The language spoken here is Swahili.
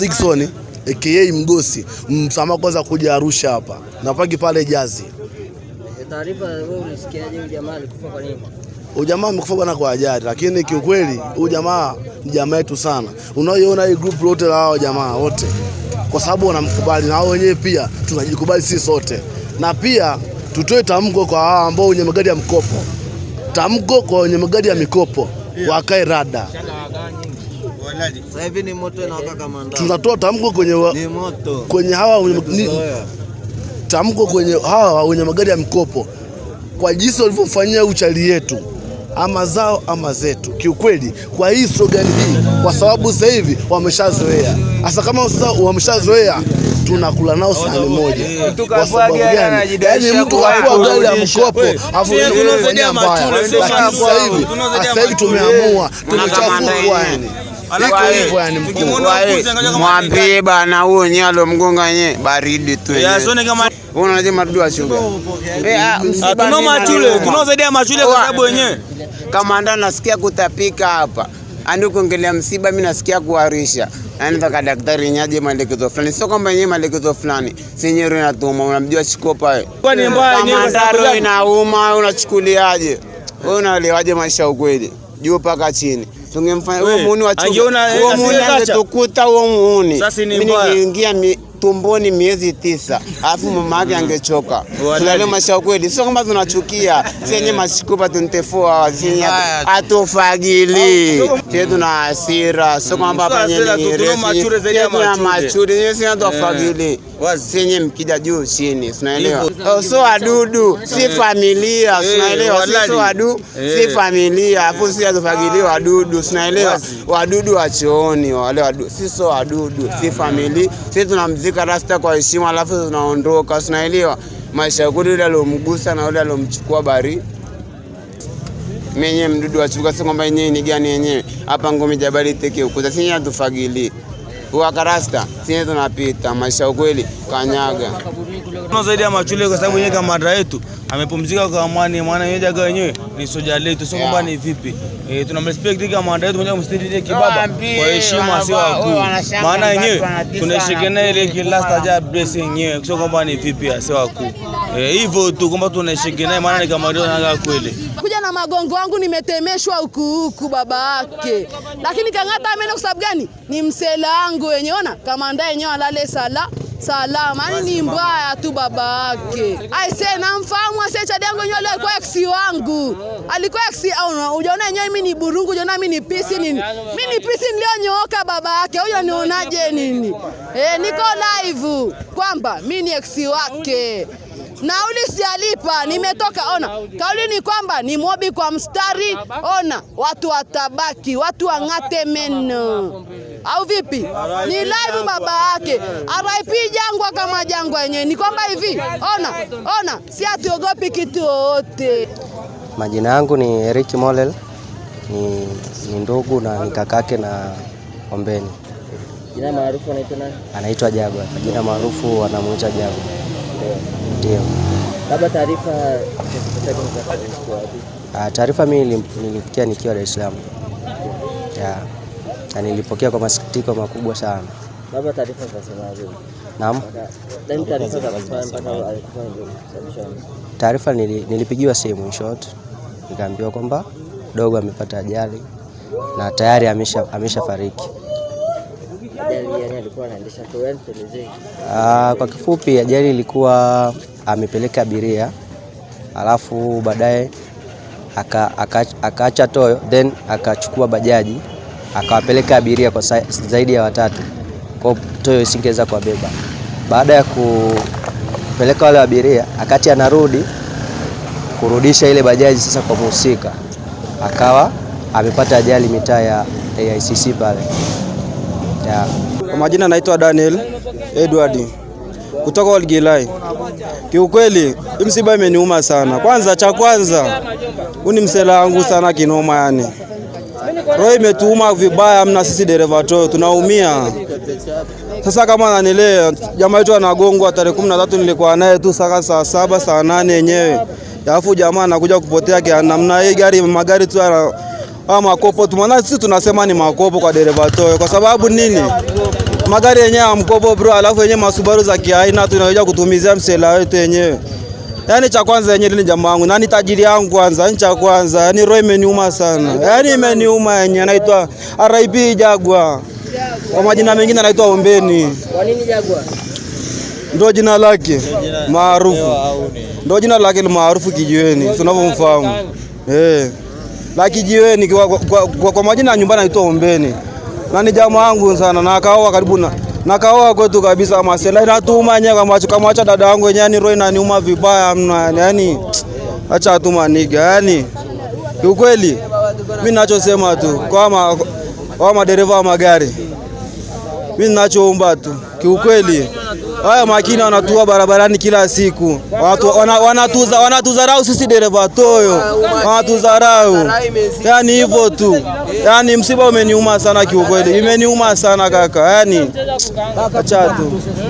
Dickson aka Mgosi msamaha kwanza kuja Arusha hapa napaki pale Jazi. Eh, taarifa wewe ulisikiaje? Huyu jamaa alikufa kwa nini? amekufa bwana kwa ajali, lakini kiukweli huyu jamaa ni jamaa yetu sana. Unaoiona hii group lote la hao jamaa wote, kwa sababu wanamkubali na wao wenyewe pia tunajikubali sisi sote, na pia tutoe tamko kwa hao ambao wenye magari ya mkopo, tamko kwa wenye magari ya mikopo wakae rada sasa hivi ni moto inawaka kama ndani. Tunatoa tamko kwenye wa... ni moto. Kwenye hawa wenye ni... tamko kwenye hawa wenye magari ya mkopo kwa jinsi walivyofanyia uchali yetu ama zao ama zetu, kiukweli kwa hii slogan hii, kwa sababu sasa hivi wameshazoea. Sasa kama sasa wameshazoea tunakula nao sahani moja. Kwa sababu gani? Yaani mtu akua gari ya mkopo afu mbaya, lakini sasa hivi tumeamua, tumechagua yani mwambie bana, huyo wenyewe alomgonga nye baridi tu eh, ah, tunao zaidi ya machule kwa sababu wenyewe Kamanda, nasikia kutapika hapa andi kuingilia msiba, mi nasikia kuharisha yaani nataka daktari nyaje maelekezo fulani, sio kwamba yeye maelekezo fulani senyewe natuma. Unamjua chikopa kamandaro inauma, unachukuliaje wewe? Unaelewaje maisha ukweli juu mpaka chini? Tungemfanya huo muuni, angetukuta huo muuni. Mimi ningeingia tumboni miezi tisa, alafu mama yake mm. angechoka. Tulale kweli, sio kwamba tunachukia eh. senye mashikupa tuntefua wazinya atufagili tie, na mm. hasira, sio kwamba panyeni tuna machuri zenye tufagili eh wasinye mkija juu chini, unaelewa? Oh, sio wadudu, si eh. familia, unaelewa? Eh, sio wadu si eh. familia, afu si azofagili ah. wadudu, unaelewa? Wadudu wa chooni wale wadudu, si sio wadudu, ah. si familia. si tunamzika rasta kwa heshima, alafu tunaondoka, unaelewa? Maisha yako yule aliyomgusa na yule aliyomchukua bari menye mdudu wachuka, si kwamba yenyewe ni gani yenyewe hapa ngome jabali teke huko, sasa hatufagili wakarasta sisi tunapita maisha ukweli kanyaga zaidi ya machule, kwa sababu yeye kamanda yetu amepumzika kwa amani, mwana yeye jaga wenyewe ni soja letu, sio kwamba ni vipi. Eh, respect kama mwanadamu mwenyewe, ile kibaba kwa heshima, sio wakuu, maana yenyewe tunashikana ile kila staja blessing yenyewe, sio kwamba ni vipi, sio Eh, hivyo tu kwamba tunashikana naye, maana ni kama ndio anga kweli. Kuja na magongo wangu nimetemeshwa huku huku baba yake, lakini Kang'ata amena kwa sababu gani? Ni msela wangu wenyewe, ona kamanda yenyewe alale sala salama. Yani ni mbaya tu baba yake. Aise, namfahamu ase Chadiangu yenyewe alikuwa ex wangu. Alikuwa ex au ujaona yenyewe mimi ni burungu, ujaona mimi ni pisi yaani nini? Yaani mimi ni pisi nilionyooka baba yake. Huyo nionaje yaani nini? Eh, niko live kwamba mimi ni ex wake nauli sijalipa, nimetoka. Ona, kauli ni kwamba ni mobi kwa mstari. Ona, watu watabaki, watu wang'ate meno au vipi? Ni live baba yake RIP Jangwa kama Jangwa yenyewe. Ni kwamba hivi, ona ona, si hatuogopi kitu yoyote. Majina yangu ni Eric Molel, ni, ni ndugu na ni kakake na Ombeni. Jina maarufu anaitwa nani? Anaitwa Jagwa, jina maarufu anamuita Jagwa. Ndio. Labda taarifa ah, taarifa mimi nilifikia nikiwa Dar es Salaam. Yeah. Na nilipokea kwa masikitiko makubwa sana. Baba, taarifa zinasemaje? Naam. Taarifa nilipigiwa simu in short, nikaambiwa kwamba dogo amepata ajali na tayari amesha fariki Ah, kwa kifupi, ajali ilikuwa ah, amepeleka abiria alafu baadaye akaacha aka, aka toyo then akachukua bajaji akawapeleka abiria kwa sa, zaidi ya watatu, kwa toyo isingeweza kuwabeba. Baada ya kupeleka wale abiria, akati anarudi kurudisha ile bajaji sasa kwa muhusika, akawa amepata ajali mitaa ya AICC pale yeah. Kwa majina naitwa Daniel Edward kutoka Olgilai. Kiukweli msiba imeniuma sana. Kwanza cha kwanza uni msela wangu sana kinoma, yani roho imetuuma vibaya mna, sisi dereva to tunaumia sasa. Kama nanile jamaa yetu anagongwa tarehe 13 nilikuwa naye tu saka saa saba saa nane yenyewe, alafu jamaa anakuja kupotea kwa namna hii, gari magari tu Ah, makopo tumana sisi tunasema ni makopo kwa dereva Toyo. Kwa sababu nini? Magari yenyewe amkopo bro, alafu yenyewe masubaru za kiaina tunaweza kutumizia msela wetu yenyewe. Yaani cha kwanza yenyewe ni jamaa wangu. Nani tajiri yangu kwanza, ni yaani cha kwanza. Yaani roho imeniuma sana. Yaani imeniuma yenyewe anaitwa RIP Jagwa. Kwa majina mengine anaitwa Ombeni. Kwa nini Jagwa? Ndio jina lake maarufu. Ndio jina lake maarufu kijiweni, tunavyomfahamu. Eh la kijiweni kwa, kwa, kwa, kwa, majina ya nyumbani anaitwa Ombeni na ni jamaa wangu sana na akaoa karibu na nakaoa kwetu kabisa masela macho kama acha dada wangu yenyewe ni na niuma vibaya mna yani acha tumaniga yani kiukweli mimi ninachosema tu kwa ma, kwa madereva wa magari mimi ninachoomba tu kiukweli Haya makini wanatua barabarani kila siku, wanatudharau sisi dereva toyo, wanatudharau yani hivyo tu. Yani msiba umeniuma sana kiukweli, imeniuma sana kaka, yani acha tu.